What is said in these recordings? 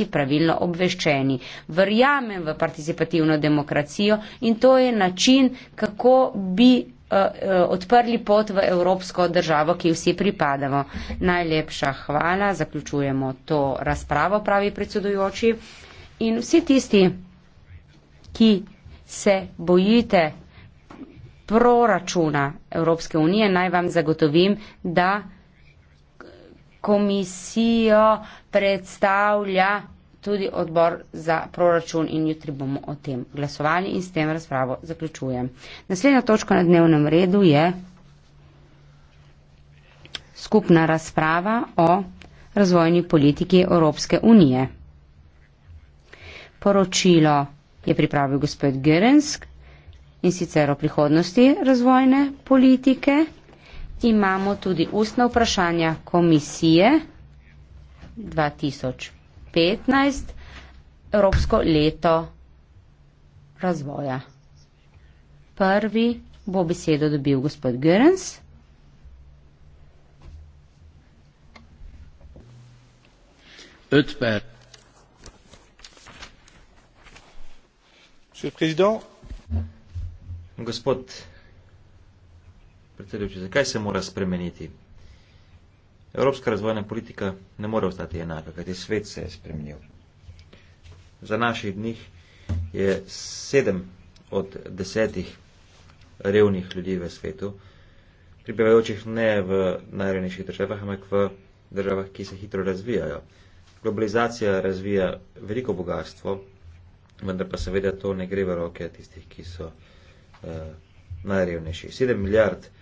tisti pravilno obveščeni. Verjamem v participativno demokracijo in to je način, kako bi uh, uh, odprli pot v evropsko državo, ki vsi pripadamo. Najlepša hvala, zaključujemo to razpravo, pravi predsedujoči. In vsi tisti, ki se bojite proračuna Evropske unije, naj vam zagotovim, da komisijo predstavlja tudi odbor za proračun in jutri bomo o tem glasovali in s tem razpravo zaključujem. Naslednja točka na dnevnem redu je skupna razprava o razvojni politiki Evropske unije. Poročilo je pripravil gospod Gerensk in sicer o prihodnosti razvojne politike imamo tudi ustna vprašanja komisije 2015, Evropsko leto razvoja. Prvi bo besedo dobil gospod Görens. Ötper. Gospod predsedujoči, zakaj se mora spremeniti? Evropska razvojna politika ne more ostati enaka, kajti svet se je spremenil. Za naših dnih je sedem od desetih revnih ljudi v svetu, pripevajočih ne v najrevnejših državah, ampak v državah, ki se hitro razvijajo. Globalizacija razvija veliko bogatstvo, vendar pa seveda to ne gre v roke tistih, ki so uh, najrevnejši. Sedem milijard uh,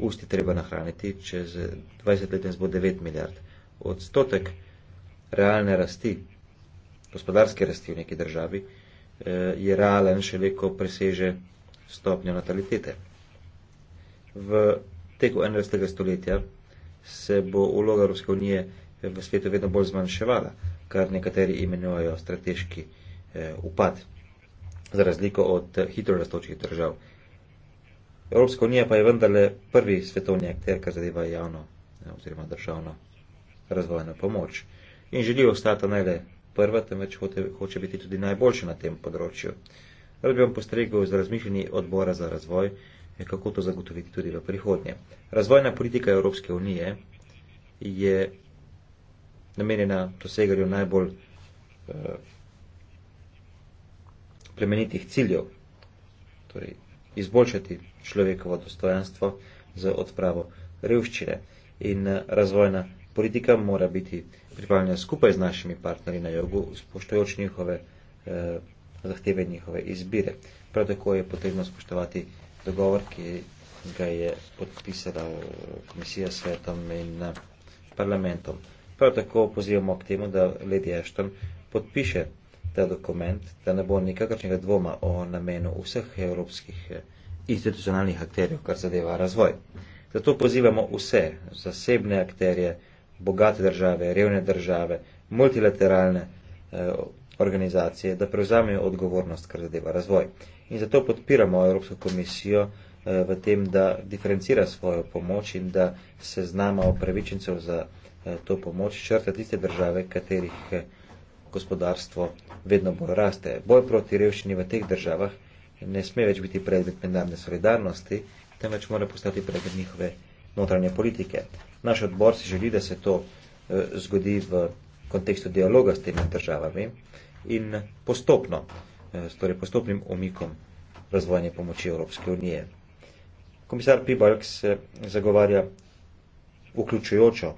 usti treba nahraniti, če za 20 let bo 9 milijard. Odstotek realne rasti, gospodarske rasti v neki državi, eh, je realen še veliko preseže stopnjo natalitete. V teku 11. stoletja se bo uloga Evropske unije v svetu vedno bolj zmanjševala, kar nekateri imenujejo strateški eh, upad, za razliko od hitro rastočih držav. Evropska unija pa je vendarle prvi svetovni akter, kar zadeva javno oziroma državno razvojno pomoč. In želijo ostati ne le prva, temveč hoče, hoče biti tudi najboljša na tem področju. Rad bi vam postregel z razmišljanji odbora za razvoj, eh, kako to zagotoviti tudi v prihodnje. Razvojna politika Evropske unije je namenjena doseganju najbolj eh, plemenitih ciljev, torej izboljšati človekovo dostojanstvo z odpravo revščine. In eh, razvojna politika mora biti pripravljena skupaj z našimi partnerji na jogu, spoštojoč njihove eh, zahteve in njihove izbire. Prav tako je potrebno spoštovati dogovor, ki ga je podpisala eh, komisija s svetom in eh, parlamentom. Prav tako pozivamo k temu, da Lady Ashton podpiše ta dokument, da ne bo nikakršnega dvoma o namenu vseh evropskih eh, institucionalnih akterjev, kar zadeva razvoj. Zato pozivamo vse zasebne akterje, bogate države, revne države, multilateralne eh, organizacije, da prevzamejo odgovornost, kar zadeva razvoj. In zato podpiramo Evropsko komisijo eh, v tem, da diferencira svojo pomoč in da se znama opravičencev za to pomoč črta tiste države, katerih gospodarstvo vedno bolj raste. Boj proti revščini v teh državah ne sme več biti predmet mednarodne solidarnosti, temveč mora postati predmet njihove notranje politike. Naš odbor si želi, da se to e, zgodi v kontekstu dialoga s temi državami in postopno, e, torej postopnim omikom razvojne pomoči Evropske unije. Komisar Pibalk se zagovarja vključujočo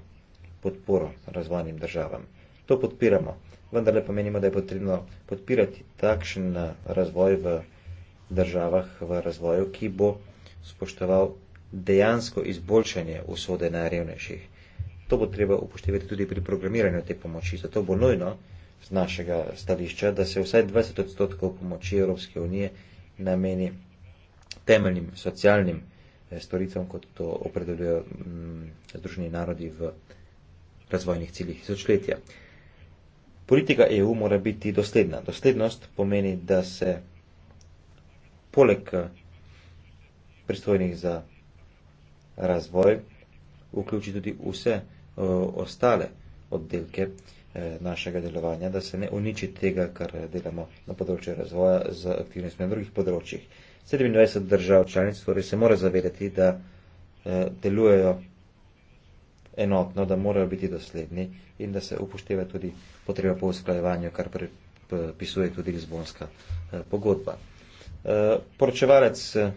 podporo razvojnim državam. To podpiramo vendarle pa menimo, da je potrebno podpirati takšen eh, razvoj v državah, v razvoju, ki bo spoštoval dejansko izboljšanje usode najrevnejših. To bo treba upoštevati tudi pri programiranju te pomoči. Zato bo nujno z našega stališča, da se vsaj 20 odstotkov pomoči Evropske unije nameni temeljnim socialnim eh, storitvam, kot to opredeljujejo mm, Združeni narodi v razvojnih ciljih izočletja. Politika EU mora biti dosledna. Doslednost pomeni, da se poleg eh, pristojnih za razvoj vključi tudi vse eh, ostale oddelke eh, našega delovanja, da se ne uniči tega, kar delamo na področju razvoja z aktivnostmi na drugih področjih. 27 držav članic torej se mora zavedati, da delujejo enotno, da morajo biti dosledni in da se upošteva tudi potreba po usklajevanju, kar pripisuje tudi Lizbonska eh, pogodba. Eh, poročevalec eh,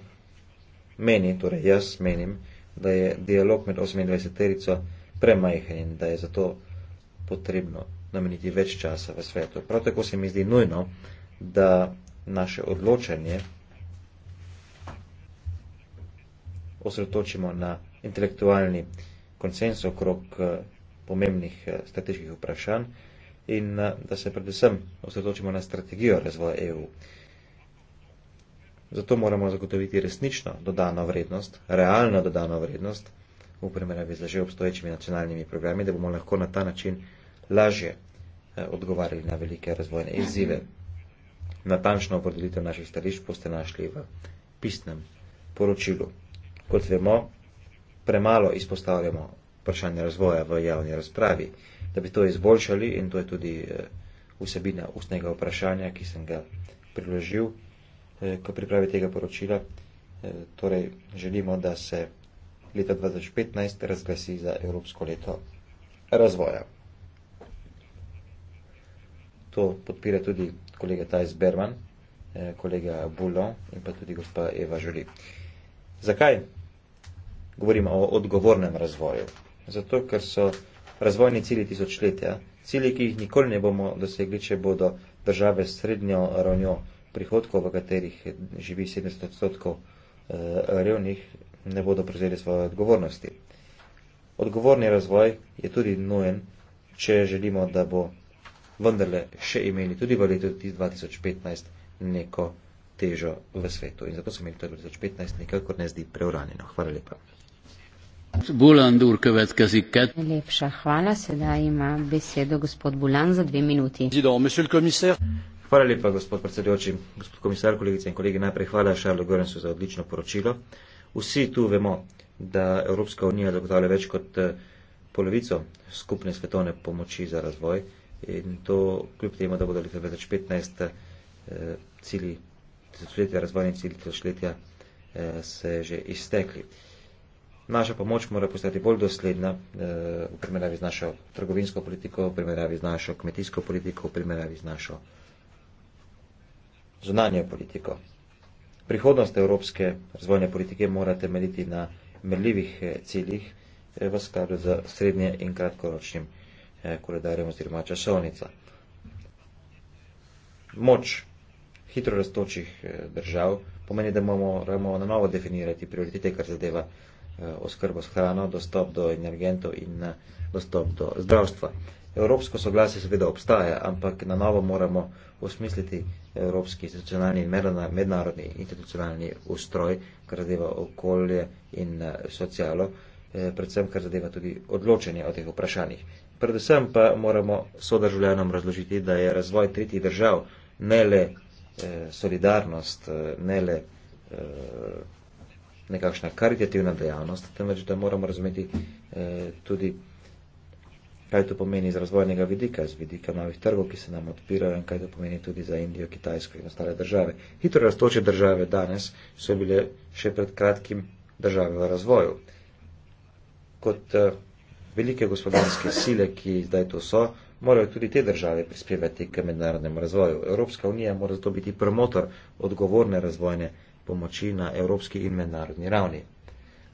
meni, torej jaz menim, da je dialog med 28-terico premajhen in da je zato potrebno nameniti več časa v svetu. Prav tako se mi zdi nujno, da naše odločanje osredotočimo na intelektualni konsens okrog eh, pomembnih eh, strateških vprašanj in eh, da se predvsem osredotočimo na strategijo razvoja EU. Zato moramo zagotoviti resnično dodano vrednost, realno dodano vrednost v primerjavi z že obstoječimi nacionalnimi programi, da bomo lahko na ta način lažje odgovarjali na velike razvojne izzive. Natančno opredelitev naših stališč boste našli v pisnem poročilu. Kot vemo, premalo izpostavljamo vprašanje razvoja v javni razpravi. Da bi to izboljšali in to je tudi eh, vsebina ustnega vprašanja, ki sem ga priložil eh, k pripravi tega poročila. Eh, torej, želimo, da se leta 2015 razglasi za Evropsko leto razvoja. To podpira tudi kolega Tajs Berman, kolega Boulon in pa tudi gospa Eva Žuli. Zakaj govorimo o odgovornem razvoju. Zato, ker so razvojni cilji tisočletja, cilji, ki jih nikoli ne bomo dosegli, če bodo države s srednjo ravnjo prihodkov, v katerih živi 70 odstotkov eh, revnih, ne bodo prevzeli svoje odgovornosti. Odgovorni razvoj je tudi nujen, če želimo, da bo vendarle še imeli tudi v letu 2015 neko težo v svetu. In zato se mi leto 2015 nekako ne zdi preuranjeno. Hvala lepa. Buland úr következik. Lépse, hvala, sedaj ima besedo gospod Buland za dve minuti. Hvala lepa, gospod predsedujoči, gospod komisar, kolegice in kolegi. Najprej hvala Šarlo Gorensu za odlično poročilo. Vsi tu vemo, da Evropska unija zagotavlja več kot eh, polovico skupne svetovne pomoči za razvoj in to kljub temu, da bodo leta 2015 eh, cilji, tisočletja razvojni cilji tisočletja eh, se že iztekli naša pomoč mora postati bolj dosledna eh, v primerjavi z našo trgovinsko politiko, v primerjavi z našo kmetijsko politiko, v primerjavi z našo zunanjo politiko. Prihodnost evropske razvojne politike mora temeljiti na merljivih eh, ciljih eh, v skladu z srednje in kratkoročnim koledarjem oziroma časovnica. Moč hitro rastočih držav pomeni, da moramo na novo definirati prioritete, kar zadeva Eh, oskrbo s hrano, dostop do energentov in eh, dostop do zdravstva. Evropsko soglasje seveda obstaja, ampak na novo moramo osmisliti evropski institucionalni in mednarodni institucionalni ustroj, kar zadeva okolje in eh, socialo, predvsem kar zadeva tudi odločenje o teh vprašanjih. Predvsem pa moramo sodržavljanom razložiti, da je razvoj tretjih držav ne le solidarnost, ne le nekakšna karitativna dejavnost, temveč da moramo razumeti eh, tudi, kaj to pomeni iz razvojnega vidika, iz vidika novih trgov, ki se nam odpirajo in kaj to pomeni tudi za Indijo, Kitajsko in ostale države. Hitro raztoče države danes so bile še pred kratkim države v razvoju. Kot eh, velike gospodarske sile, ki zdaj to so, morajo tudi te države prispevati k mednarodnemu razvoju. Evropska unija mora zato biti promotor odgovorne razvojne pomoči na evropski in mednarodni ravni.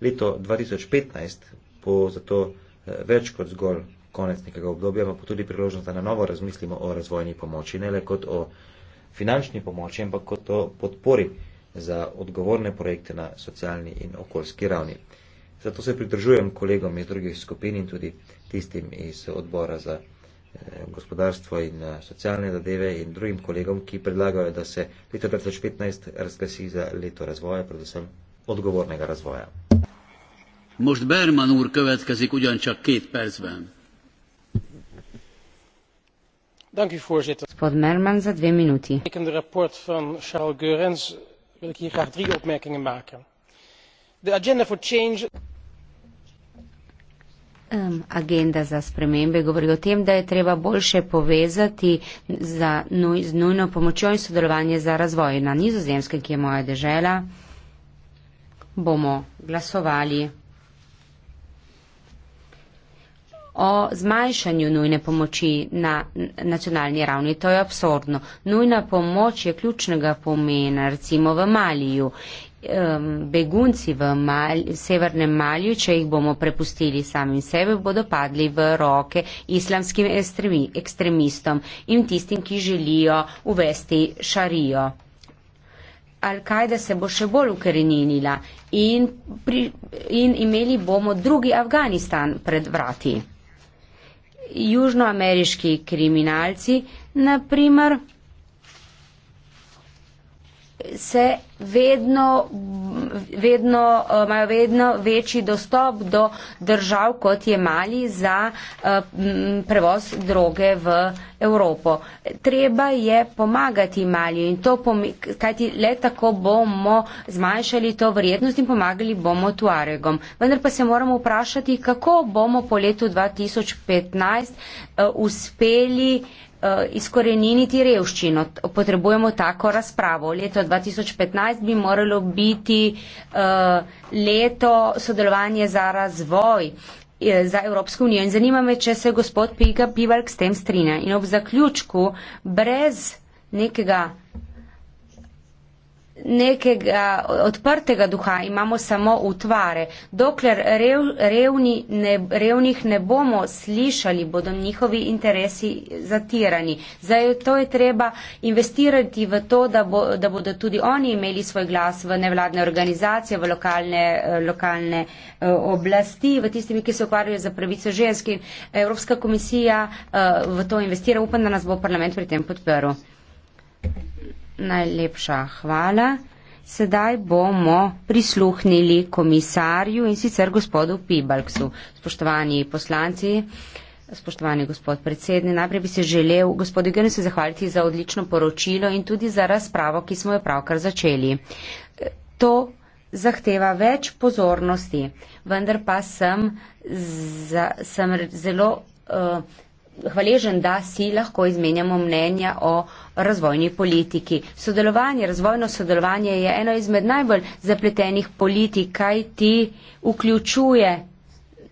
Leto 2015 bo zato eh, več kot zgolj konec nekega obdobja, pa tudi priložnost, da na novo razmislimo o razvojni pomoči, ne le kot o finančni pomoči, ampak kot o podpori za odgovorne projekte na socialni in okoljski ravni. Zato se pridržujem kolegom iz drugih skupin in tudi tistim iz odbora za Eh, gospodarstvo in eh, socialne zadeve in drugim kolegom, ki predlagajo, da se leto 2015 razglasi za leto razvoja, predvsem odgovornega razvoja. Most Berman úr következik ugyancsak két percben. Dank u voorzitter. Spot Merman za twee minuti. In het rapport van Charles Geurens wil ik hier graag drie opmerkingen maken. De agenda for change um, agenda za spremembe govori o tem, da je treba boljše povezati za, nuj, z nujno pomočjo in sodelovanje za razvoj. Na nizozemskem, ki je moja država, bomo glasovali o zmanjšanju nujne pomoči na nacionalni ravni. To je absurdno. Nujna pomoč je ključnega pomena, recimo v Maliju um, begunci v mal, severnem Malju, če jih bomo prepustili samim sebe, bodo padli v roke islamskim estremi, ekstremistom in tistim, ki želijo uvesti šarijo. Al-Kajda se bo še bolj ukoreninila in, in imeli bomo drugi Afganistan pred vrati. Južnoameriški kriminalci, na primer, se vedno, vedno, eh, imajo vedno večji dostop do držav, kot je Mali, za eh, prevoz droge v Evropo. Treba je pomagati Mali in to pomeni, kajti le tako bomo zmanjšali to vrednost in pomagali bomo Tuaregom. Vendar pa se moramo vprašati, kako bomo po letu 2015 eh, uspeli uh, izkoreniniti revščino. Potrebujemo tako razpravo. Leto 2015 bi moralo biti uh, leto sodelovanja za razvoj eh, za Evropsko unijo. In zanima me, če se gospod Piga Pivark s tem strinja. In ob zaključku, brez nekega nekega odprtega duha, imamo samo utvare. Dokler rev, revni ne, revnih ne bomo slišali, bodo njihovi interesi zatirani. Zato je treba investirati v to, da, bo, da bodo tudi oni imeli svoj glas v nevladne organizacije, v lokalne, lokalne eh, oblasti, v tistimi, ki se ukvarjajo za pravico ženski. Evropska komisija eh, v to investira, upam, da nas bo parlament pri tem podprl. Najlepša hvala. Sedaj bomo prisluhnili komisarju in sicer gospodu Pibalksu. Spoštovani poslanci, spoštovani gospod predsednik, najprej bi se želel gospodu Gernsu zahvaliti za odlično poročilo in tudi za razpravo, ki smo jo pravkar začeli. To zahteva več pozornosti, vendar pa sem, za, sem zelo. Uh, hvaležen, da si lahko izmenjamo mnenja o razvojni politiki. Sodelovanje, razvojno sodelovanje je eno izmed najbolj zapletenih politik, kaj ti vključuje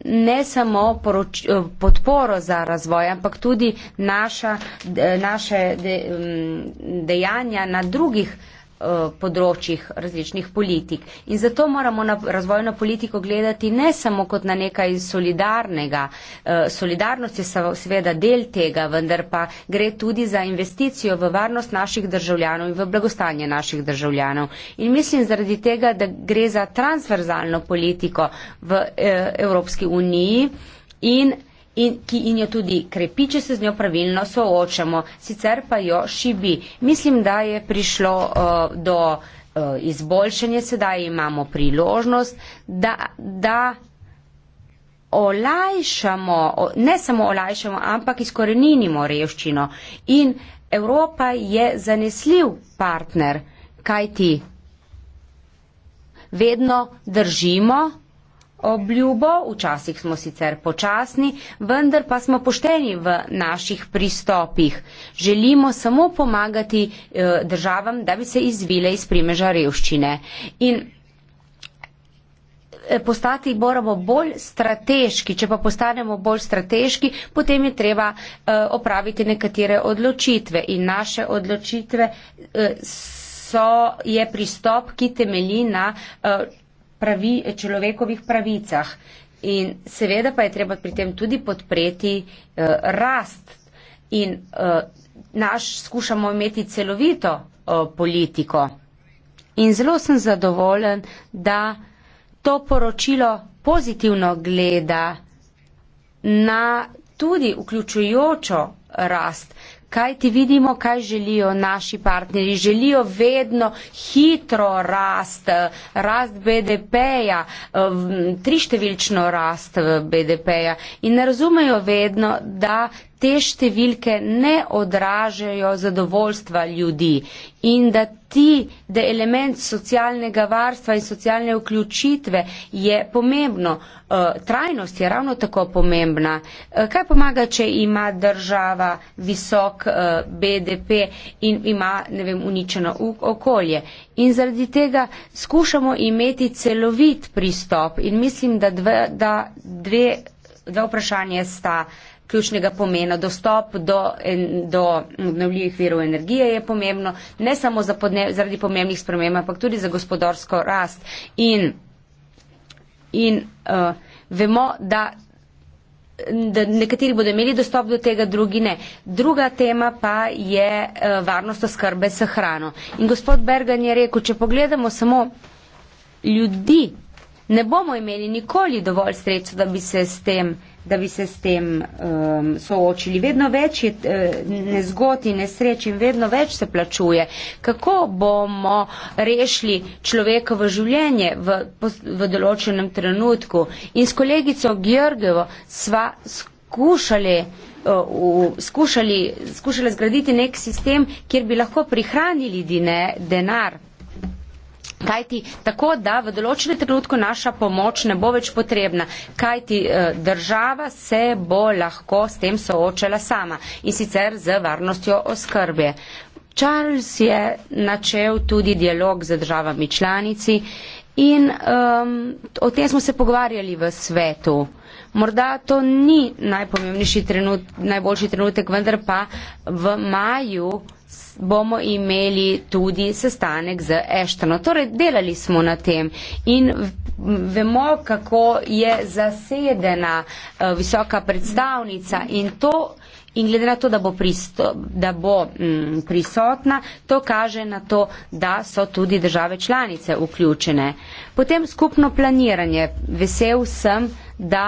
ne samo poroč, eh, podporo za razvoj, ampak tudi naša, de, eh, naše de, mm, dejanja na drugih Eh, področjih različnih politik. In zato moramo na razvojno politiko gledati ne samo kot na nekaj solidarnega. Eh, solidarnost je seveda del tega, vendar pa gre tudi za investicijo v varnost naših državljanov in v blagostanje naših državljanov. In mislim zaradi tega, da gre za transverzalno politiko v eh, Evropski uniji in in, ki in jo tudi krepi, če se z njo pravilno soočamo, sicer pa jo šibi. Mislim, da je prišlo uh, do uh, izboljšanja, sedaj imamo priložnost, da. da olajšamo, ne samo olajšamo, ampak izkoreninimo revščino. In Evropa je zanesljiv partner, kaj ti vedno držimo obljubo, včasih smo sicer počasni, vendar pa smo pošteni v naših pristopih. Želimo samo pomagati eh, državam, da bi se izvile iz primeža revščine. In eh, postati moramo bolj strateški. Če pa postanemo bolj strateški, potem je treba eh, opraviti nekatere odločitve in naše odločitve so, je pristop, ki temelji na pravi, človekovih pravicah. In seveda pa je treba pri tem tudi podpreti eh, rast in eh, naš skušamo imeti celovito eh, politiko. In zelo sem zadovoljen, da to poročilo pozitivno gleda na tudi vključujočo rast, kaj ti vidimo, kaj želijo naši partnerji. Želijo vedno hitro rast, rast BDP-ja, eh, trištevilčno rast eh, BDP-ja in ne razumejo vedno, da te številke ne odražajo zadovoljstva ljudi in da ti, da element socialnega varstva in socialne vključitve je pomembno, eh, trajnost je ravno tako pomembna. Eh, kaj pomaga, če ima država visok eh, BDP in ima, ne vem, uničeno okolje? In zaradi tega skušamo imeti celovit pristop in mislim, da dve, da dve, dve vprašanje sta ključnega pomena. Dostop do, en, do obnovljivih virov energije je pomembno, ne samo za podne, zaradi pomembnih sprememb, ampak tudi za gospodarsko rast. In, in uh, vemo, da, da nekateri bodo imeli dostop do tega, drugi ne. Druga tema pa je uh, varnost oskrbe s hrano. In gospod Bergan je rekel, če pogledamo samo ljudi, ne bomo imeli nikoli dovolj sredstva, da bi se s tem da bi se s tem um, soočili. Vedno več je eh, nezgod in nesreč in vedno več se plačuje. Kako bomo rešili človekovo življenje v, v določenem trenutku? In s kolegico Georgevo sva skušali, uh, v, skušali, skušali zgraditi nek sistem, kjer bi lahko prihranili dine, denar Kajti tako, da v določenem trenutku naša pomoč ne bo več potrebna, kajti eh, država se bo lahko s tem soočala sama in sicer z varnostjo oskrbe. Charles je načel tudi dialog z državami članici in um, o tem smo se pogovarjali v svetu. Morda to ni najpomembnejši trenutek, najboljši trenutek, vendar pa v maju bomo imeli tudi sestanek z Eštano. Torej, delali smo na tem in vemo, kako je zasedena uh, visoka predstavnica in to. In glede na to, da bo, pristo, da bo m, mm, prisotna, to kaže na to, da so tudi države članice vključene. Potem skupno planiranje. Vesel sem, da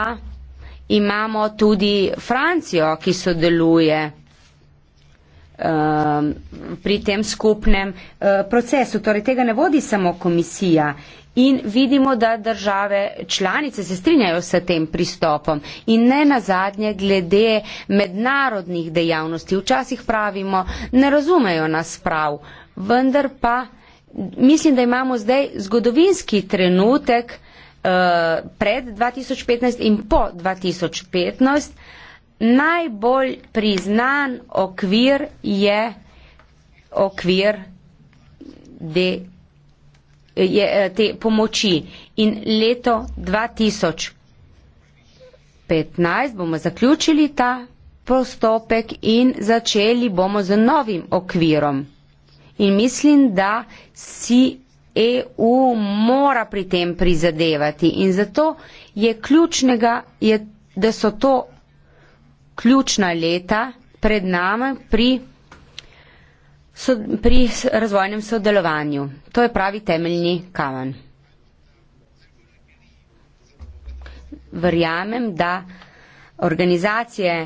imamo tudi Francijo, ki sodeluje um, pri tem skupnem uh, procesu. Torej, tega ne vodi samo komisija. In vidimo, da države članice se strinjajo s tem pristopom. In ne nazadnje, glede mednarodnih dejavnosti, včasih pravimo, ne razumejo nas prav, vendar pa mislim, da imamo zdaj zgodovinski trenutek eh, pred 2015 in po 2015 najbolj priznan okvir je okvir de, je, eh, te pomoči. In leto 2015 bomo zaključili ta postopek in začeli bomo z novim okvirom. In mislim, da si EU mora pri tem prizadevati. In zato je ključnega, je, da so to ključna leta pred nami pri, so, pri razvojnem sodelovanju. To je pravi temeljni kamen. Verjamem, da organizacije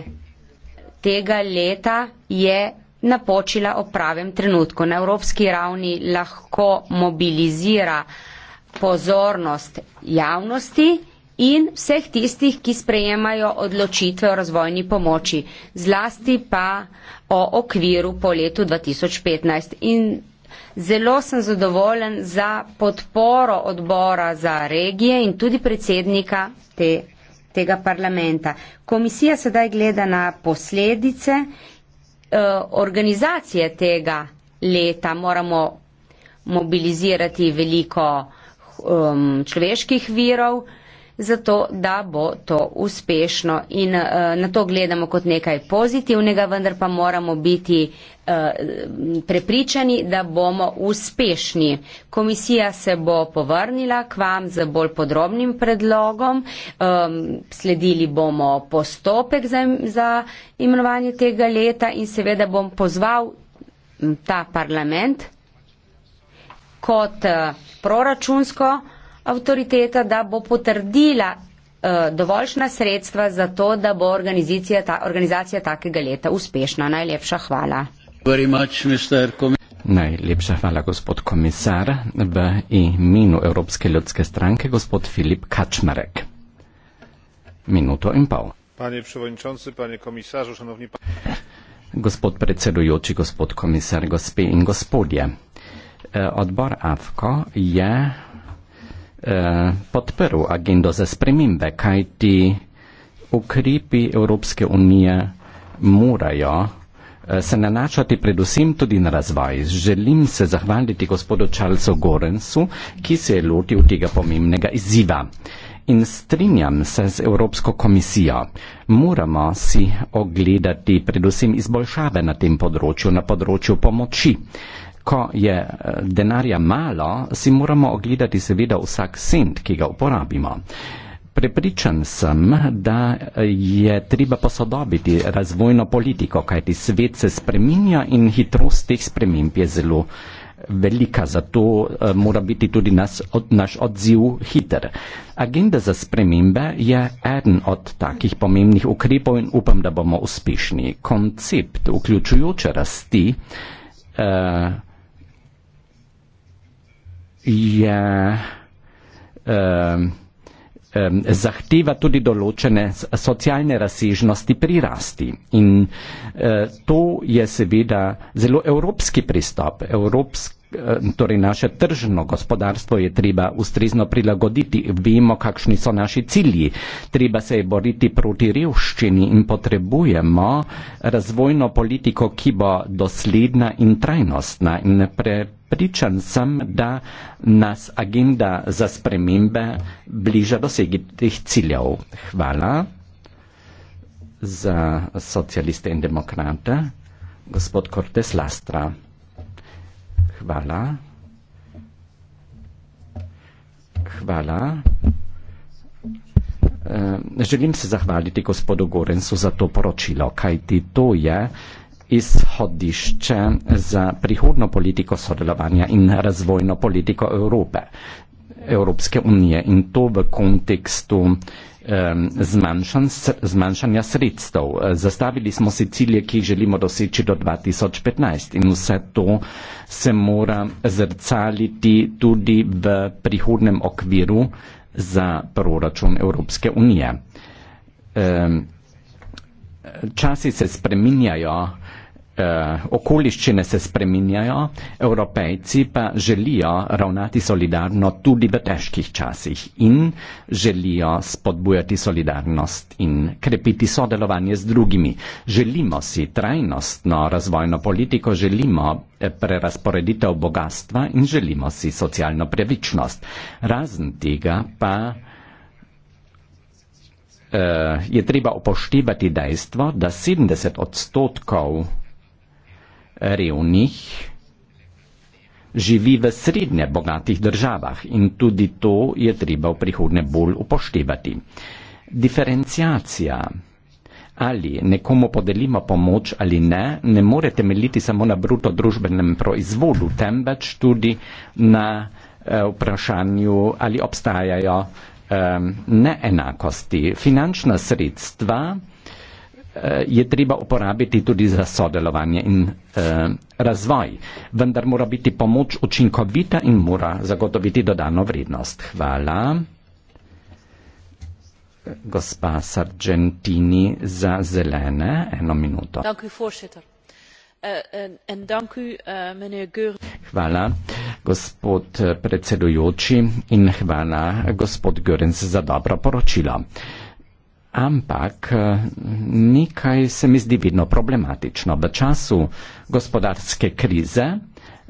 tega leta je napočila o pravem trenutku. Na evropski ravni lahko mobilizira pozornost javnosti, in vseh tistih, ki sprejemajo odločitve o razvojni pomoči, zlasti pa o okviru po letu 2015. In zelo sem zadovoljen za podporo odbora za regije in tudi predsednika te, tega parlamenta. Komisija sedaj gleda na posledice eh, organizacije tega leta. Moramo mobilizirati veliko um, človeških virov, zato da bo to uspešno. In uh, na to gledamo kot nekaj pozitivnega, vendar pa moramo biti uh, prepričani, da bomo uspešni. Komisija se bo povrnila k vam z bolj podrobnim predlogom. Um, sledili bomo postopek za, za imenovanje tega leta in seveda bom pozval ta parlament kot uh, proračunsko avtoriteta, da bo potrdila eh, dovoljšna sredstva za to, da bo organizacija, ta, organizacija takega leta uspešna. Najlepša hvala. Najlepša hvala, gospod komisar, v imenu Evropske ljudske stranke, gospod Filip Kačmarek. Minuto in pol. Panie przewodniczący, panie komisarzu, szanowni państwo. Gospod predsedujoči, gospod komisar, gospe in gospodje. E, odbor AFKO je Eh, podprl agendo za spremembe, kajti ukrepi Evropske unije morajo eh, se nanašati predvsem tudi na razvoj. Želim se zahvaliti gospodu Charlesu Gorensu, ki se je lotil tega pomembnega izziva. In strinjam se z Evropsko komisijo. Moramo si ogledati predvsem izboljšave na tem področju, na področju pomoči ko je eh, denarja malo, si moramo ogledati seveda vsak cent, ki ga uporabimo. Prepričan sem, da eh, je treba posodobiti razvojno politiko, kajti svet se spreminja in hitrost teh sprememb je zelo eh, velika, zato mora biti tudi nas, od, naš odziv hiter. Agenda za spremembe je eden od takih pomembnih ukrepov in upam, da bomo uspešni. Koncept vključujoče rasti. Uh, je, um, um, zahteva tudi določene socialne razsežnosti pri rasti. In uh, to je seveda zelo evropski pristop, evropski Eh, torej naše tržno gospodarstvo je treba ustrezno prilagoditi. Vemo, kakšni so naši cilji. Treba se je boriti proti revščini in potrebujemo razvojno politiko, ki bo dosledna in trajnostna. In prepričan sem, da nas agenda za spremembe bliža dosegi teh ciljev. Hvala za socialiste in demokrate. Gospod Cortes Lastra. Hvala. Hvala. Eh, želim se zahvaliti gospodu Gorencu za to poročilo, kajti to je izhodišče za prihodno politiko sodelovanja in razvojno politiko Evrope, Evropske unije in to v kontekstu uh, zmanjšanja sredstev. E, zastavili smo si cilje, ki jih želimo doseči do 2015 in vse to se mora zrcaliti tudi v prihodnem okviru za proračun Evropske unije. Časi se spreminjajo, Eh, okoliščine se spreminjajo, evropejci pa želijo ravnati solidarno tudi v težkih časih in želijo spodbujati solidarnost in krepiti sodelovanje z drugimi. Želimo si trajnostno razvojno politiko, želimo eh, prerasporeditev bogatstva in želimo si socialno previčnost. Razen tega pa eh, je treba upoštevati dejstvo, da 70 odstotkov revnih, živi v srednje bogatih državah in tudi to je treba v prihodnje bolj upoštevati. Diferencijacija ali nekomu podelimo pomoč ali ne, ne more temeljiti samo na bruto družbenem proizvodu, temveč tudi na eh, vprašanju, ali obstajajo eh, neenakosti. Finančna sredstva Eh, je treba uporabiti tudi za sodelovanje in eh, razvoj. Vendar mora biti pomoč učinkovita in mora zagotoviti dodano vrednost. Hvala. Gospa Sargentini za zelene, eno minuto. Eh, eh, hvala, gospod predsedujoči, in hvala, gospod Görens, za dobro poročilo. Uh, ampak eh, nekaj se mi zdi vidno problematično. V času gospodarske krize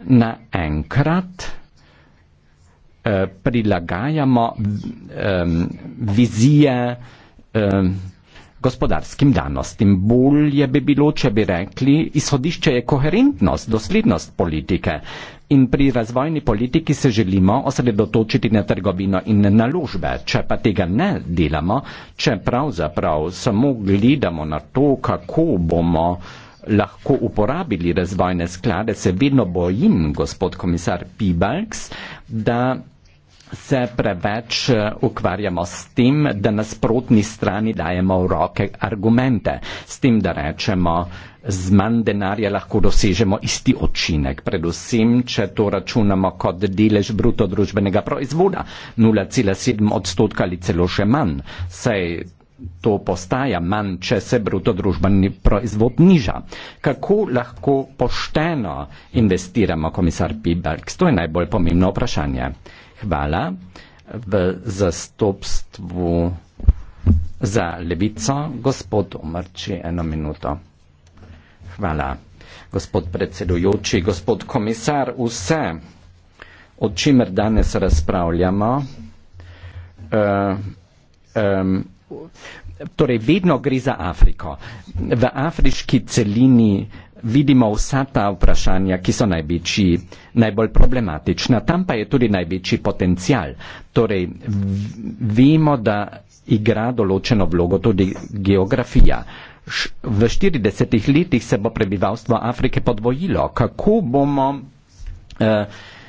naenkrat eh, prilagajamo um, vizije um, gospodarskim danostim. Bolje bi bilo, če bi rekli, izhodišče je koherentnost, doslednost politike. In pri razvojni politiki se želimo osredotočiti na trgovino in naložbe. Če pa tega ne delamo, če pravzaprav samo gledamo na to, kako bomo lahko uporabili razvojne sklade, se vedno bojim, gospod komisar Pibalks, da se preveč eh, ukvarjamo s tem, da nasprotni strani dajemo v roke argumente, s tem, da rečemo, z manj denarja lahko dosežemo isti očinek, predvsem, če to računamo kot delež bruto družbenega proizvoda, 0,7 odstotka ali celo še manj. Sej to postaja manj, če se bruto družbeni proizvod niža. Kako lahko pošteno investiramo, komisar Bibergs? To je najbolj pomembno vprašanje hvala v zastopstvu za levico gospod Omrči eno minuto. Hvala. Gospod predsedujoči, gospod komisar, vse, o čimer danes razpravljamo, um, um, torej vedno gre za Afriko. V afriški celini vidimo vsa ta vprašanja, ki so največji, najbolj problematična. Tam pa je tudi največji potencial. Torej, vemo, da igra določeno vlogo tudi geografija. V 40 letih se bo prebivalstvo Afrike podvojilo. Kako bomo eh,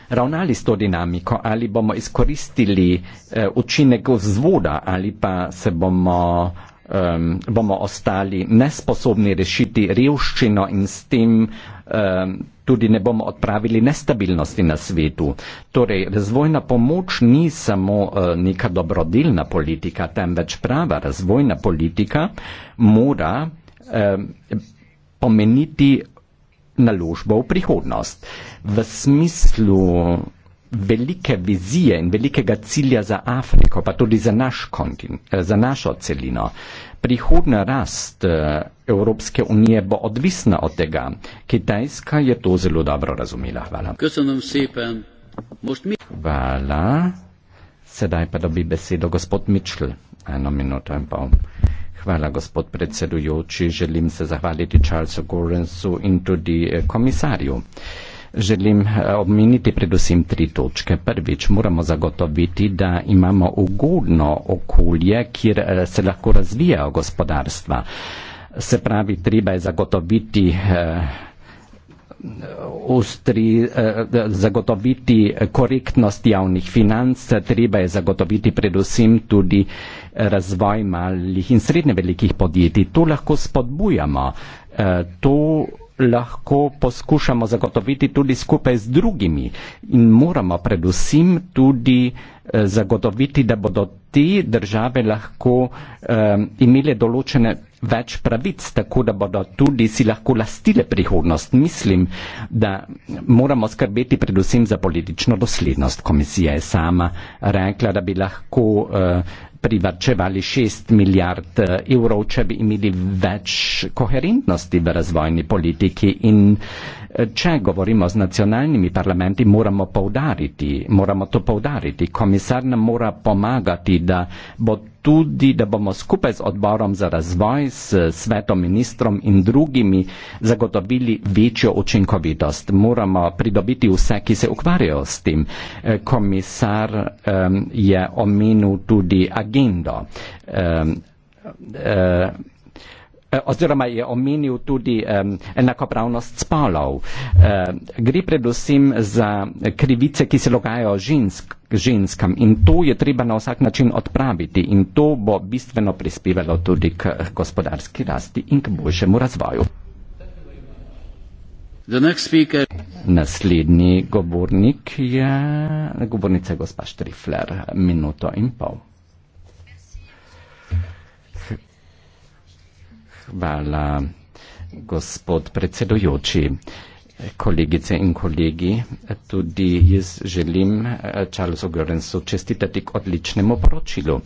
ravnali s to dinamiko? Ali bomo izkoristili eh, učinek vzvoda ali pa se bomo um, bomo ostali nesposobni rešiti revščino in s tem um, tudi ne bomo odpravili nestabilnosti na svetu. Torej, razvojna pomoč ni samo uh, neka dobrodelna politika, temveč prava razvojna politika mora um, pomeniti naložbo v prihodnost. V smislu velike vizije in velikega cilja za Afriko, pa tudi za, naš kontin, eh, za našo celino. Prihodna rast eh, Evropske unije bo odvisna od tega. Kitajska je to zelo dobro razumela. Hvala. Hvala. Sedaj pa dobi besedo gospod Mičl. Eno minuto in pol. Hvala, gospod predsedujoči. Želim se zahvaliti Charlesu Gorensu in tudi eh, komisarju. Uh, Želim eh, omeniti predvsem tri točke. Prvič, moramo zagotoviti, da imamo ugodno okolje, kjer eh, se lahko razvijajo gospodarstva. Se pravi, treba je zagotoviti. Eh, ustri, zagotoviti korektnost javnih financ, treba je zagotoviti predvsem tudi razvoj malih in srednje velikih podjetij. To lahko spodbujamo. To lahko poskušamo zagotoviti tudi skupaj z drugimi in moramo predvsem tudi eh, zagotoviti, da bodo te države lahko um, imele določene več pravic, tako da bodo tudi si lahko lastile prihodnost. Mislim, da moramo skrbeti predvsem za politično doslednost. Komisija je sama rekla, da bi lahko uh, privrčevali 6 milijard eh, evrov, če bi imeli več koherentnosti v razvojni politiki. In eh, če govorimo z nacionalnimi parlamenti, moramo, moramo to povdariti. Komisar nam mora pomagati, da bo tudi, da bomo skupaj z odborom za razvoj, s svetom ministrom in drugimi zagotovili večjo učinkovitost. Moramo pridobiti vse, ki se ukvarjajo s tem. Eh, komisar um, je omenil tudi agendo. Um, um, Eh, oziroma je omenil tudi um, enakopravnost spolov. Uh, gre predvsem za krivice, ki se dogajajo žensk, ženskam in to je treba na vsak način odpraviti in to bo bistveno prispevalo tudi k eh, gospodarski rasti in k boljšemu razvoju. Naslednji govornik je govornica gospa Štrifler, minuto in pol. Hvala, gospod predsedujoči. Kolegice in kolegi, tudi jaz želim eh, Charlesu Gorensu čestitati k odličnemu poročilu.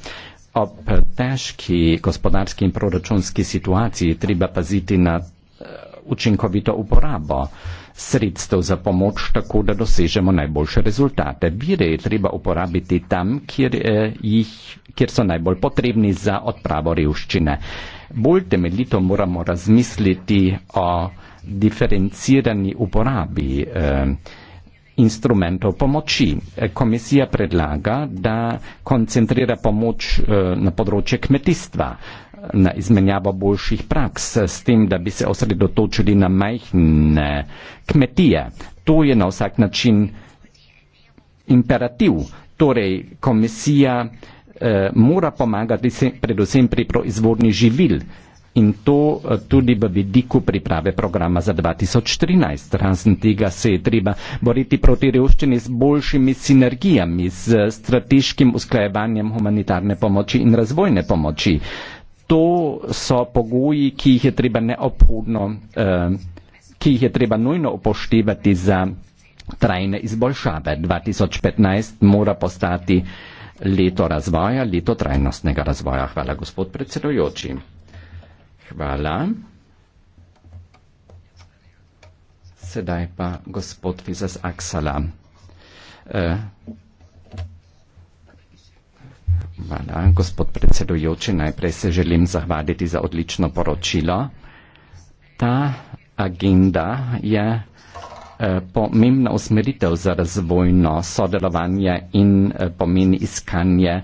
Ob težki gospodarski in proračunski situaciji treba paziti na eh, učinkovito uporabo sredstev za pomoč, tako da dosežemo najboljše rezultate. Vire je treba uporabiti tam, kjer, eh, jih, kjer so najbolj potrebni za odpravo revščine bolj temeljito moramo razmisliti o diferencirani uporabi eh, instrumentov pomoči. Komisija predlaga, da koncentrira pomoč eh, na področje kmetijstva, na izmenjavo boljših praks, s tem, da bi se osredotočili na majhne kmetije. To je na vsak način imperativ. Torej, komisija Eh, mora pomagati se, predvsem pri proizvodni živil in to eh, tudi v vidiku priprave programa za 2013. Razen tega se je treba boriti proti revščini s boljšimi sinergijami, s strateškim usklajevanjem humanitarne pomoči in razvojne pomoči. To so pogoji, ki jih je treba neophodno, eh, ki jih je treba nujno upoštevati za trajne izboljšave. 2015 mora postati leto razvoja, leto trajnostnega razvoja. Hvala, gospod predsedujoči. Hvala. Sedaj pa gospod Fizas Aksala. Uh, hvala, gospod predsedujoči. Najprej se želim zahvaliti za odlično poročilo. Ta agenda je Eh, pomembna usmeritev za razvojno sodelovanje in eh, pomeni iskanje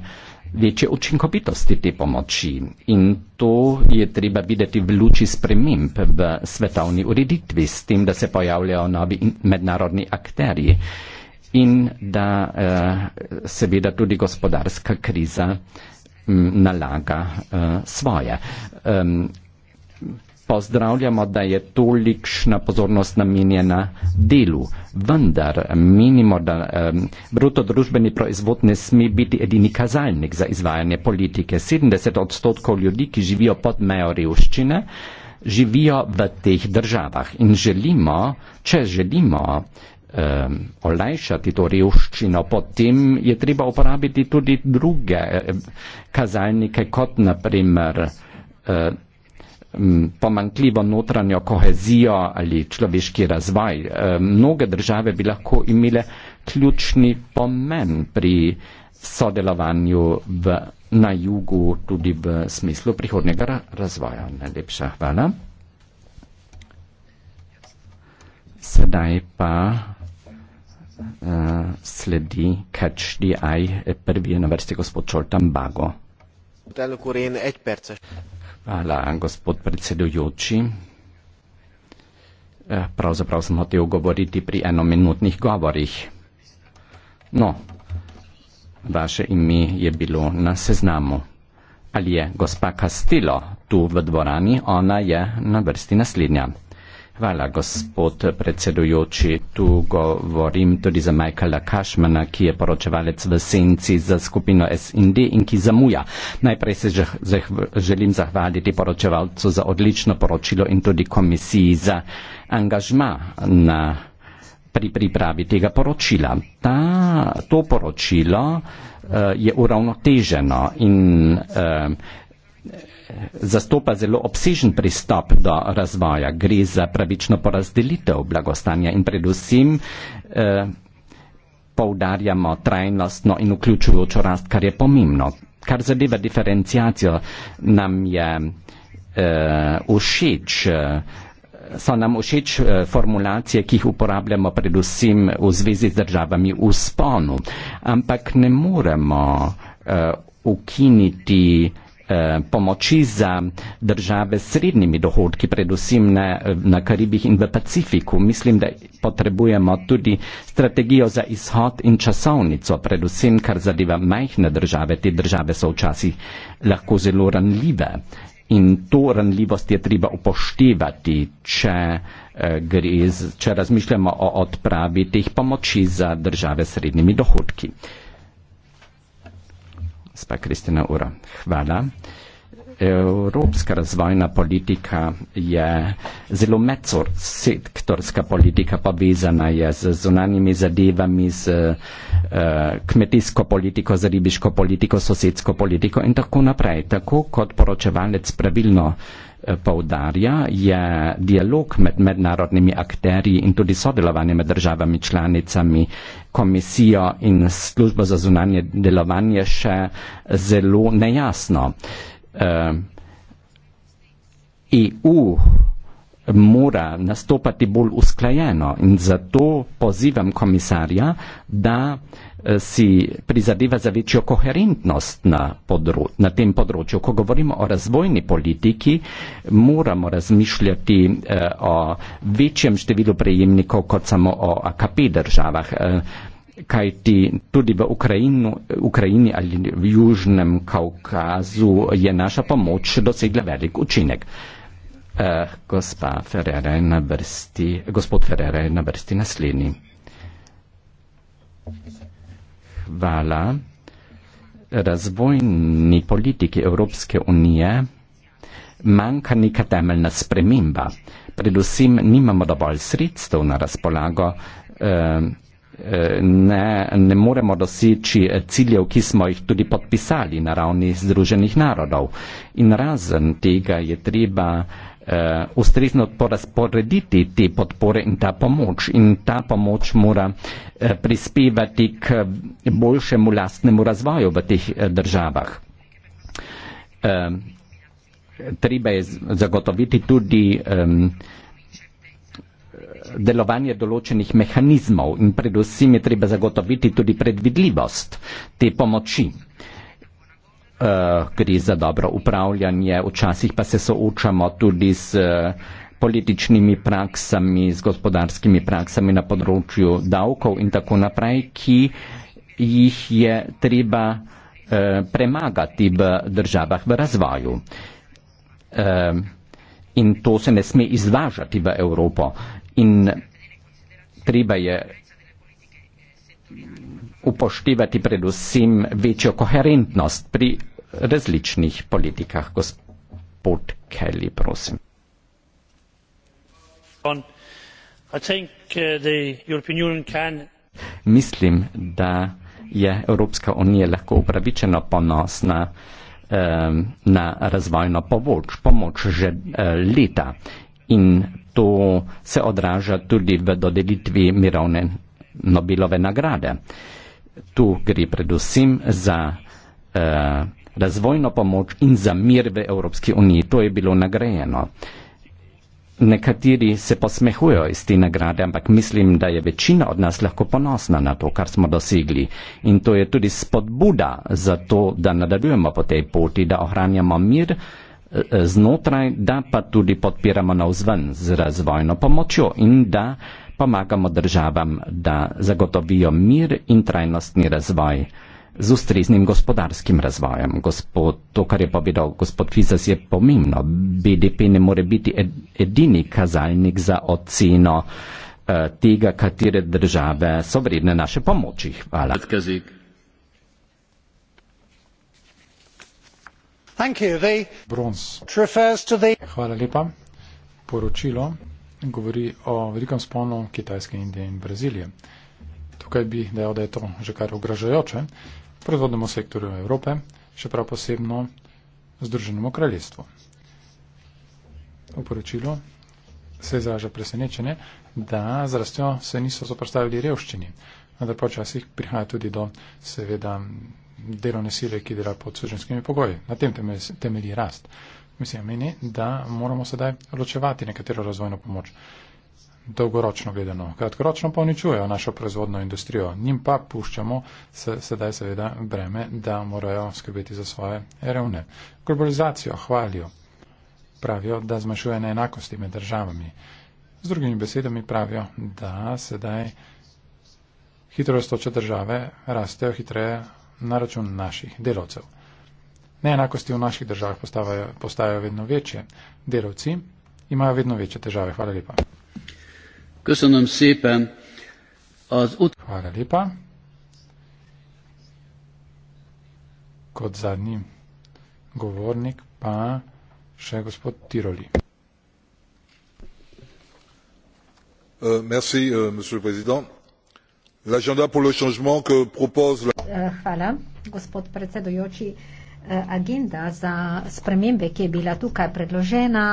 večje učinkovitosti te pomoči. In to je treba videti v luči sprememb v svetovni ureditvi, s tem, da se pojavljajo novi mednarodni akterji in da eh, seveda tudi gospodarska kriza mm, nalaga svoje pozdravljamo, da je tolikšna pozornost namenjena delu. Vendar menimo, da um, bruto družbeni proizvod ne sme biti edini kazalnik za izvajanje politike. 70 odstotkov ljudi, ki živijo pod mejo revščine, živijo v teh državah. In želimo, če želimo um, olajšati to revščino, potem je treba uporabiti tudi druge kazalnike, kot naprimer uh, pomankljivo notranjo kohezijo ali človeški razvoj. E, mnoge države bi lahko imele ključni pomen pri sodelovanju v, na jugu tudi v smislu prihodnega razvoja. Najlepša hvala. Sedaj pa uh, sledi Catch the Eye, prvi je na vrsti gospod Čoltan Bago. Hvala, gospod predsedujoči. Eh, pravzaprav sem hotel govoriti pri enominutnih govorih. No, vaše ime je bilo na seznamu. Ali je gospa Kastilo tu v dvorani? Ona je na vrsti naslednja. Hvala, gospod predsedujoči. Tu govorim tudi za Michaela Kašmana, ki je poročevalec v senci za skupino SND in ki zamuja. Najprej se želim zahvaliti poročevalcu za odlično poročilo in tudi komisiji za angažma na pri pripravi tega poročila. Ta, to poročilo uh, je uravnoteženo in uh, zastopa zelo obsežen pristop do razvoja. Gre za pravično porazdelitev blagostanja in predvsem eh, poudarjamo trajnostno in vključujočo rast, kar je pomembno. Kar zadeva diferencijacijo, nam je eh, všeč, eh, so nam všeč eh, formulacije, ki jih uporabljamo predvsem v zvezi z državami v sponu, ampak ne moremo eh, ukiniti Eh, pomoči za države s srednjimi dohodki, predvsem na, na Karibih in v Pacifiku. Mislim, da potrebujemo tudi strategijo za izhod in časovnico, predvsem kar zadeva majhne države. Te države so včasih lahko zelo ranljive in to ranljivost je treba upoštevati, če, eh, z, če razmišljamo o odpravi teh pomoči za države s srednjimi dohodki. Gospa Kristina Ura, hvala. Evropska razvojna politika je zelo medsektorska politika, povezana je z zunanjimi zadevami, z uh, kmetijsko politiko, z ribiško politiko, sosedsko politiko in tako naprej. Tako kot poročevalec pravilno uh, poudarja, je dialog med mednarodnimi akterji in tudi sodelovanje med državami članicami, komisijo in službo za zunanje delovanje še zelo nejasno. EU eh, e mora nastopati bolj usklajeno in zato pozivam komisarja, da uh, si prizadeva za večjo koherentnost na, podru, na tem področju. Ko govorimo o razvojni politiki, moramo razmišljati eh, o večjem številu prejemnikov kot samo o AKP državah. Eh, kaj ti tudi v Ukrajinu, Ukrajini ali v Južnem Kaukazu je naša pomoč dosegla velik učinek. Eh, gospa Ferrera je na vrsti, gospod Ferrera je na vrsti naslednji. Thank you. Wala, razvojni politiki Evropske unije, manjka neka temeljna sprememba. Predvsem nimamo dovolj sredstev na razpolago, eh, eh, ne, ne moremo doseči eh, ciljev, ki smo jih tudi podpisali na ravni Združenih narodov. In razen tega je treba uh, ustrezno porazporediti te podpore in ta pomoč. In ta pomoč mora uh, prispevati k boljšemu lastnemu razvoju v teh uh, državah. Uh, treba je zagotoviti tudi um, delovanje določenih mehanizmov in predvsem je treba zagotoviti tudi predvidljivost te pomoči. Eh, gre za dobro upravljanje, včasih pa se soočamo tudi s eh, političnimi praksami, s gospodarskimi praksami na področju davkov in tako naprej, ki jih je treba eh, premagati v državah v razvoju. In to se ne sme izvažati v Evropo. In treba je upoštevati predvsem večjo koherentnost pri različnih politikah. Gospod Kelly, prosim. Uh, Mislim, da je Evropska unija lahko upravičeno ponosna eh, na razvojno pomoč, pomoč že eh, leta in to se odraža tudi v dodelitvi mirovne Nobelove nagrade. Eh, tu gre predvsem za eh, razvojno pomoč in za mir v Evropski uniji. To je bilo nagrajeno. Nekateri se posmehujejo iz te nagrade, ampak mislim, da je večina od nas lahko ponosna na to, kar smo dosegli. In to je tudi spodbuda za to, da nadaljujemo po tej poti, da ohranjamo mir eh, znotraj, da pa tudi podpiramo na vzven z razvojno pomočjo in da eh, pomagamo državam, da zagotovijo mir in trajnostni razvoj z ustreznim gospodarskim razvojem. Gospod, to, kar je povedal gospod Fizas, je pomembno. BDP ne more biti edini kazalnik za oceno eh, tega, katere države so vredne naše pomoči. Hvala. Hvala lepa. Poročilo govori o velikem sponu Kitajske, Indije in Brazilije. Tukaj bi dejal, da je to že kar ogražajoče proizvodnemu sektorju Evrope, še prav posebno Združenemu kraljestvu. V poročilu se izraža presenečenje, da z rastjo se niso zoprstavili revščini, vendar pa včasih prihaja tudi do seveda delovne sile, ki dela pod suženskimi pogoji. Na tem temelji rast mislim, meni, da moramo sedaj ločevati nekatero razvojno pomoč. Dolgoročno gledano, kratkoročno pa uničujejo našo proizvodno industrijo, njim pa puščamo se, sedaj seveda breme, da morajo skrbeti za svoje revne. Globalizacijo hvalijo, pravijo, da zmanjšuje neenakosti med državami. Z drugimi besedami pravijo, da sedaj hitro raztoče države rastejo hitreje na račun naših delovcev. Neenakosti v naših državah postavajo, postavajo vedno večje. Delavci imajo vedno večje težave. Hvala lepa. Köszönöm szépen. Az ut- Hvala lepa. Kot zadnji govornik pa še gospod Tiroli. Euh, merci, euh, monsieur le président. L'agenda pour le changement que propose la... Euh, hvala, gospod predsedujoči. Eh, agenda za spremembe, ki je bila tukaj predložena,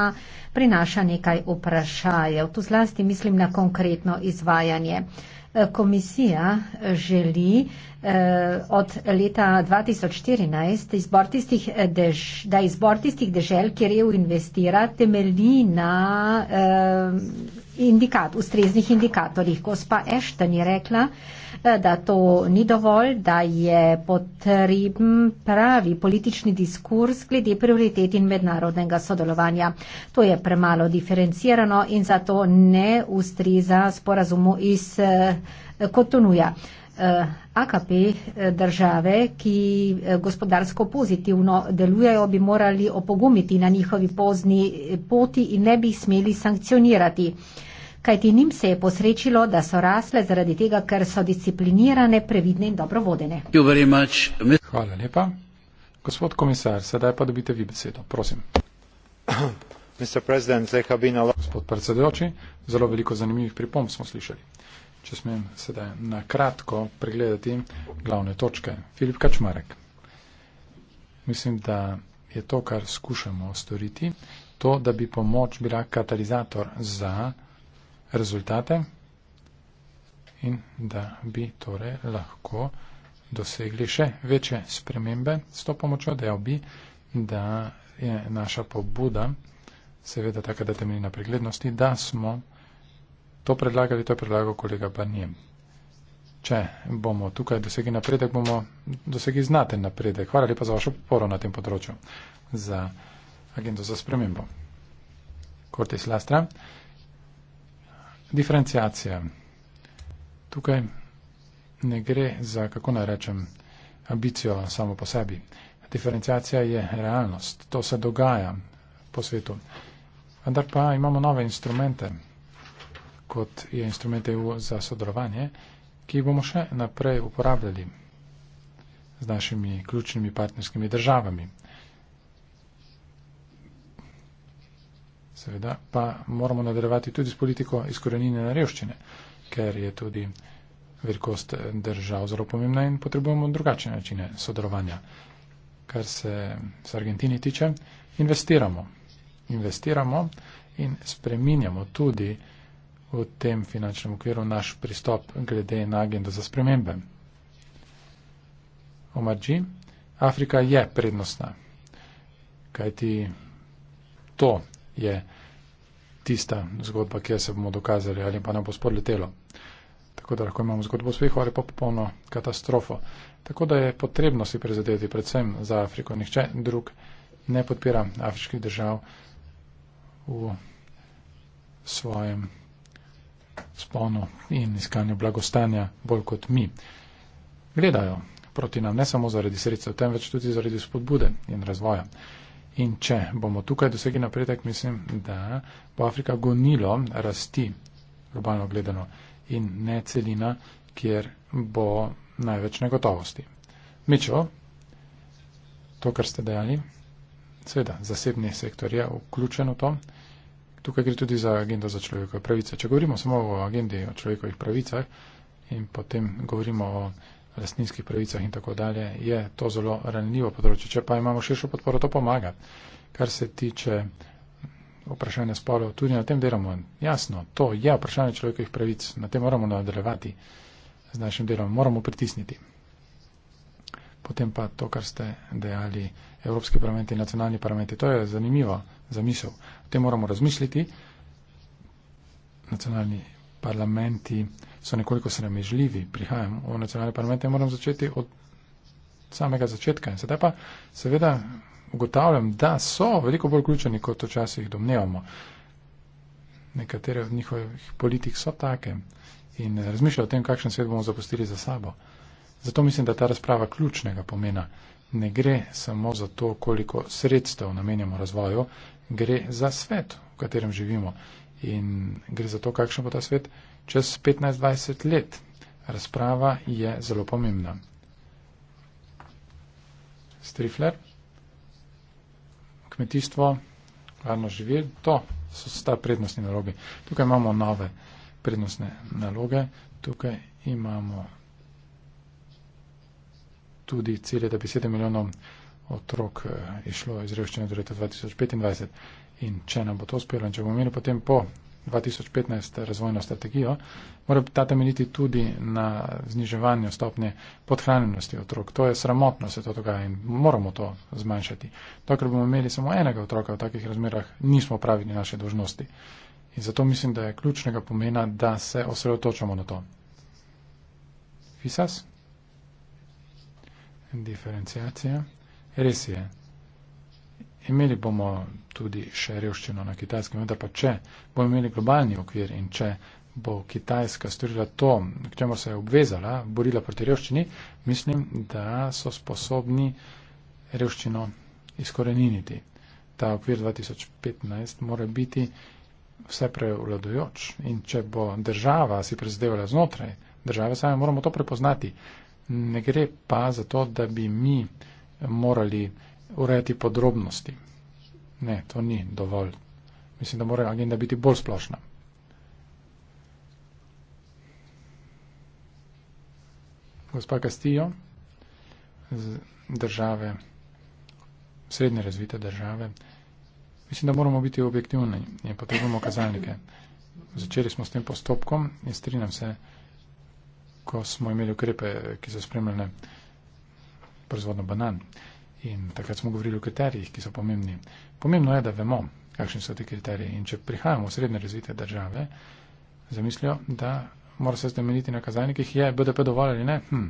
prinaša nekaj vprašajev. Tu zlasti mislim na konkretno izvajanje. Eh, komisija eh, želi od leta 2014, izbor dež, da izbor tistih dežel, kjer EU investira, temelji na indikat, ustreznih indikatorjih. Gospa Ešten je rekla, da to ni dovolj, da je potreben pravi politični diskurs glede prioritet in mednarodnega sodelovanja. To je premalo diferencirano in zato ne ustriza sporazumu iz eh, Kotonuja. Eh, AKP eh, države, ki gospodarsko pozitivno delujejo, bi morali opogumiti na njihovi pozni poti in ne bi smeli sankcionirati kajti njim se je posrečilo, da so rasle zaradi tega, ker so disciplinirane, previdne in dobro vodene. Hvala lepa. Gospod komisar, sedaj pa dobite vi besedo. Prosim. Gospod predsedujoči, zelo veliko zanimivih pripomb smo slišali. Če smem sedaj na kratko pregledati glavne točke. Filip Kačmarek. Mislim, da je to, kar skušamo storiti, to, da bi pomoč bila katalizator za rezultate in da bi torej lahko dosegli še večje spremembe s to pomočjo, dejal bi, da je naša pobuda seveda taka, da temelji na preglednosti, da smo to predlagali, to je predlagal kolega Barnjem. Če bomo tukaj dosegli napredek, bomo dosegli znaten napredek. Hvala lepa za vašo podporo na tem področju, za agendo za spremembo. Kortis Lastra. Diferencijacija. Tukaj ne gre za, kako naj rečem, ambicijo samo po sebi. Diferencijacija je realnost. To se dogaja po svetu. Vendar pa imamo nove instrumente, kot je instrument EU za sodelovanje, ki bomo še naprej uporabljali z našimi ključnimi partnerskimi državami. seveda pa moramo nadaljevati tudi s politiko izkorenine na revščine, ker je tudi velikost držav zelo pomembna in potrebujemo drugačne načine sodelovanja. Kar se s Argentini tiče, investiramo. Investiramo in spreminjamo tudi v tem finančnem okviru naš pristop glede na agendo za spremembe. Omar G. Afrika je prednostna, kajti to je tista zgodba, kjer se bomo dokazali ali pa nam bo spodletelo. Tako da lahko imamo zgodbo uspehu ali pa popolno katastrofo. Tako da je potrebno si prizadeti predvsem za Afriko. Nihče drug ne podpira afriških držav v svojem sponu in iskanju blagostanja bolj kot mi. Gledajo proti nam ne samo zaradi sredstev, temveč tudi zaradi spodbude in razvoja. In če bomo tukaj dosegli napredek, mislim, da bo Afrika gonilo rasti, globalno gledano, in ne celina, kjer bo največ negotovosti. Mičo, to, kar ste dejali, seveda, zasebni sektor je vključen v to. Tukaj gre tudi za agendo za človekove pravice. Če govorimo samo o agendi o človekovih pravicah in potem govorimo o lastninskih pravicah in tako dalje, je to zelo ranljivo področje. Če pa imamo širšo podporo, to pomaga. Kar se tiče vprašanja sporov, tudi na tem delamo. Jasno, to je vprašanje človekovih pravic, na tem moramo nadaljevati z našim delom, moramo pritisniti. Potem pa to, kar ste dejali, Evropski parlament in nacionalni parlament, to je zanimivo za misel. O tem moramo razmisliti. Nacionalni parlamenti so nekoliko sramežljivi. Prihajam v nacionalne parlamente in moram začeti od samega začetka. In sedaj pa seveda ugotavljam, da so veliko bolj vključeni, kot včasih domnevamo. Nekatere od njihovih politik so take in razmišljajo o tem, kakšen svet bomo zapustili za sabo. Zato mislim, da je ta razprava ključnega pomena. Ne gre samo za to, koliko sredstev namenjamo razvoju, gre za svet, v katerem živimo in gre za to, kakšen bo ta svet čez 15-20 let. Razprava je zelo pomembna. Strifler, kmetijstvo, varno živelj, to so ta prednostni nalogi. Tukaj imamo nove prednostne naloge, tukaj imamo tudi cilje, da bi 7 milijonov otrok eh, išlo iz revščine do leta 2025. In če nam bo to uspelo in če bomo imeli potem po 2015 razvojno strategijo, mora ta temeljiti tudi na zniževanju stopnje podhranjenosti otrok. To je sramotno, se to dogaja in moramo to zmanjšati. Dokler bomo imeli samo enega otroka v takih razmerah, nismo pravili naše dožnosti. In zato mislim, da je ključnega pomena, da se osredotočamo na to. Fisas? Diferencijacija? Res je imeli bomo tudi še revščino na kitajskem, vendar pa če bomo imeli globalni okvir in če bo Kitajska storila to, k čemu se je obvezala, borila proti revščini, mislim, da so sposobni revščino izkoreniniti. Ta okvir 2015 mora biti vse prevladojoč in če bo država si prizadevala znotraj države same, moramo to prepoznati. Ne gre pa za to, da bi mi morali urejati podrobnosti. Ne, to ni dovolj. Mislim, da mora agenda biti bolj splošna. Gospa Castillo, države, srednje razvite države, mislim, da moramo biti objektivni in potrebujemo kazalnike. Začeli smo s tem postopkom in strinjam se, ko smo imeli ukrepe, ki so spremljene proizvodno banan. Uh, In takrat smo govorili o kriterijih, ki so pomembni. Pomembno je, da vemo, kakšni so ti kriteriji. In če prihajamo v srednje razvite države, zamislijo, da mora se zdemeniti na kazalnikih, je BDP dovolj ali ne. Hm.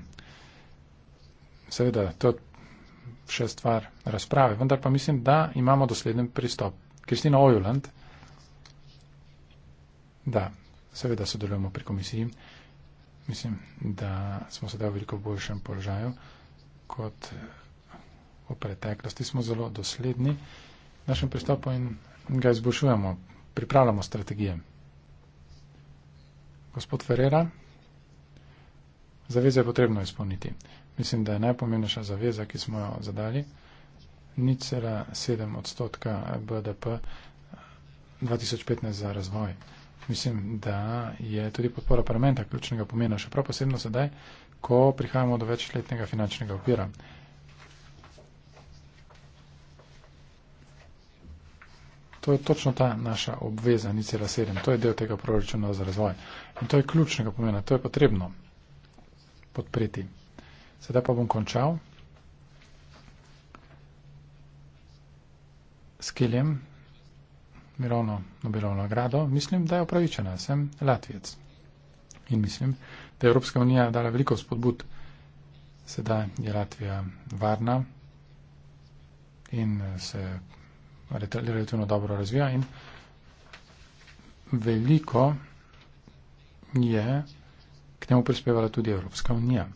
Seveda, to je še stvar razprave, vendar pa mislim, da imamo dosleden pristop. Kristina Ojuland, da, seveda sodelujemo pri komisiji. Mislim, da smo sedaj v veliko boljšem položaju kot v preteklosti smo zelo dosledni našem pristopu in ga izboljšujemo, pripravljamo strategije. Gospod Ferrera, zaveze je potrebno izpolniti. Mislim, da je najpomembnejša zaveza, ki smo jo zadali, nič cela sedem odstotka BDP 2015 za razvoj. Mislim, da je tudi podpora parlamenta ključnega pomena, še prav posebno sedaj, ko prihajamo do večletnega finančnega opira. To je točno ta naša obveza, ni cela sedem. To je del tega proračuna za razvoj. In to je ključnega pomena, to je potrebno podpreti. Sedaj pa bom končal s Kiljem, mirovno Nobelovno nagrado. Mislim, da je upravičena, sem Latvijec. In mislim, da je Evropska unija dala veliko spodbud, sedaj je Latvija varna in se relativno dobro razvija in veliko je k temu prispevala tudi Evropska unija.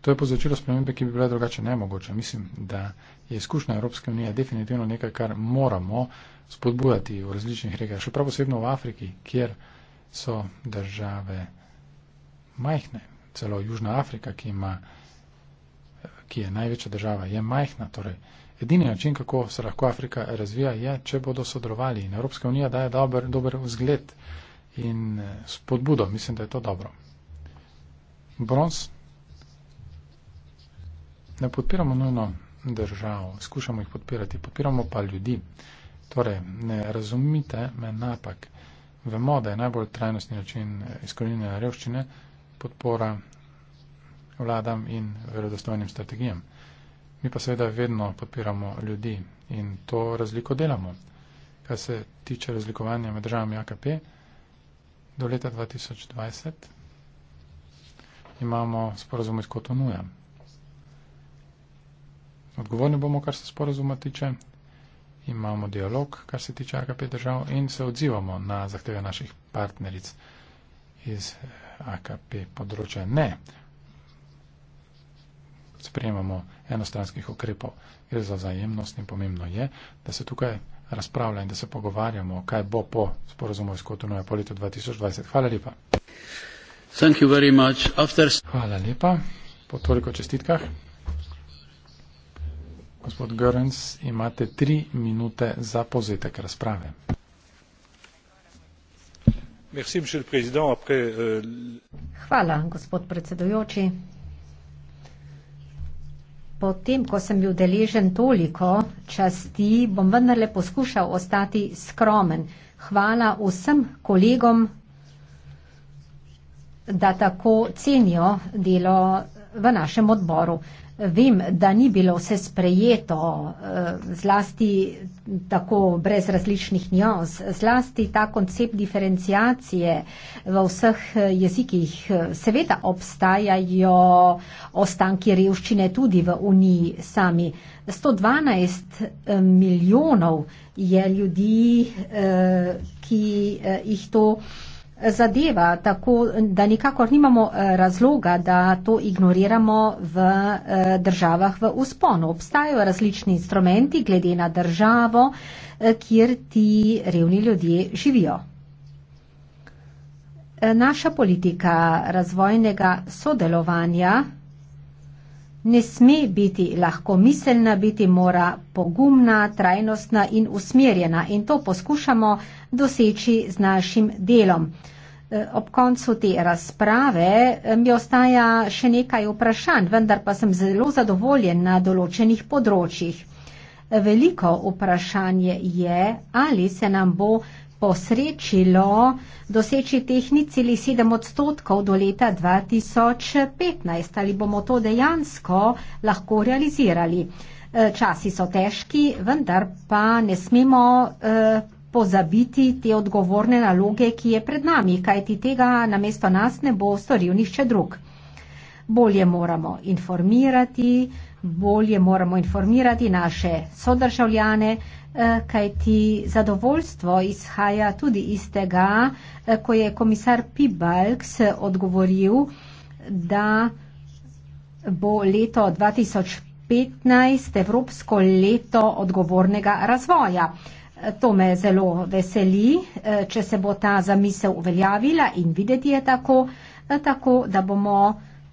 To je povzročilo spremembe, ki bi bile drugače nemogoče. Mislim, da je izkušnja Evropske unije definitivno nekaj, kar moramo spodbujati v različnih regijah, še prav posebno v Afriki, kjer so države majhne. Celo Južna Afrika, ki, ima, ki je največja država, je majhna. Torej, uh, Edini način, kako se lahko Afrika razvija, je, če bodo sodelovali. In Evropska unija daje dober, dober vzgled in eh, spodbudo. Mislim, da je to dobro. Bronz. Ne podpiramo nujno državo, skušamo jih podpirati, podpiramo pa ljudi. Torej, ne razumite me napak. Vemo, da je najbolj trajnostni način eh, izkorinjenja revščine podpora vladam in verodostojnim strategijam. Mi pa seveda vedno podpiramo ljudi in to razliko delamo. Kar se tiče razlikovanja med državami AKP, do leta 2020 imamo sporazum iz Kotonuja. Odgovorni bomo, kar se sporazuma tiče, imamo dialog, kar se tiče AKP držav in se odzivamo na zahteve naših partneric iz AKP področja. Ne, sprejemamo enostranskih ukrepov. Gre za zajemnost in pomembno je, da se tukaj razpravlja in da se pogovarjamo, kaj bo po sporozumu iz Kotonoja po letu 2020. Hvala lepa. After... Hvala lepa. Po toliko čestitkah. Gospod Görens, imate tri minute za povzetek razprave. Euh, Hvala, gospod predsedujoči. Potem, ko sem bil deležen toliko časti, bom vendarle poskušal ostati skromen. Hvala vsem kolegom, da tako cenijo delo v našem odboru. Vem, da ni bilo vse sprejeto, eh, zlasti tako brez različnih njoz, zlasti ta koncept diferencijacije v vseh eh, jezikih. Eh, seveda obstajajo ostanki revščine tudi v Uniji sami. 112 milijonov je ljudi, ki jih to zadeva, tako da nikakor nimamo eh, razloga, da to ignoriramo v eh, državah v usponu. Obstajajo različni instrumenti glede na državo, eh, kjer ti revni ljudje živijo. Naša politika razvojnega sodelovanja ne sme biti lahkomiselna, biti mora pogumna, trajnostna in usmerjena. In to poskušamo doseči z našim delom. E, ob koncu te razprave e, mi ostaja še nekaj vprašanj, vendar pa sem zelo zadovoljen na določenih področjih. E, veliko vprašanje je, ali se nam bo posrečilo doseči tehni celi 7 odstotkov do leta 2015. Ali bomo to dejansko lahko realizirali? E, časi so težki, vendar pa ne smemo e, pozabiti te odgovorne naloge, ki je pred nami, kajti tega namesto nas ne bo storil nišče drug. Bolje moramo informirati, bolje moramo informirati naše sodržavljane, Eh, kajti zadovoljstvo izhaja tudi iz tega, eh, ko je komisar Pibalks odgovoril, da bo leto 2015 Evropsko leto odgovornega razvoja. Eh, to me zelo veseli, če se bo ta zamisel uveljavila in videti je tako, tako da bomo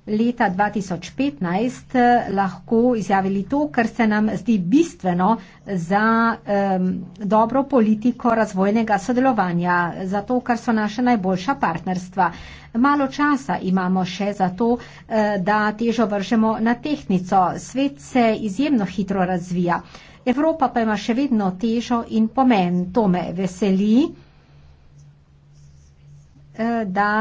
leta 2015 eh, lahko izjavili to, kar se nam zdi bistveno za um, dobro politiko razvojnega sodelovanja, za to, kar so naše najboljša partnerstva. Malo časa imamo še za to, eh, da težo vržemo na tehnico. Svet se izjemno hitro razvija. Evropa pa ima še vedno težo in pomen. To me veseli, eh, da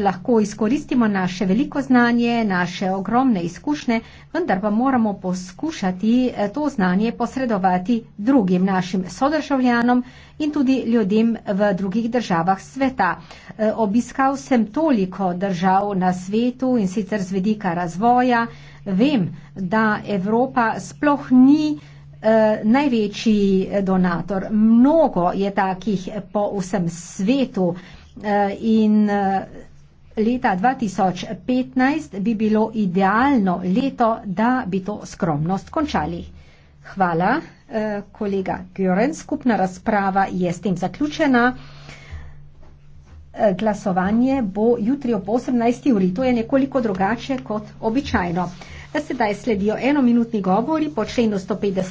lahko izkoristimo naše veliko znanje, naše ogromne izkušnje, vendar pa moramo poskušati eh, to znanje posredovati drugim našim sodržavljanom in tudi ljudem v drugih državah sveta. Eh, obiskal sem toliko držav na svetu in sicer z vedika razvoja, vem, da Evropa sploh ni eh, največji donator. Mnogo je takih po vsem svetu in leta 2015 bi bilo idealno leto, da bi to skromnost končali. Hvala, eh, kolega Göran. Skupna razprava je s tem zaključena. Eh, glasovanje bo jutri ob 18. uri. To je nekoliko drugače kot običajno. Eh, sedaj sledijo enominutni govori po členu 150.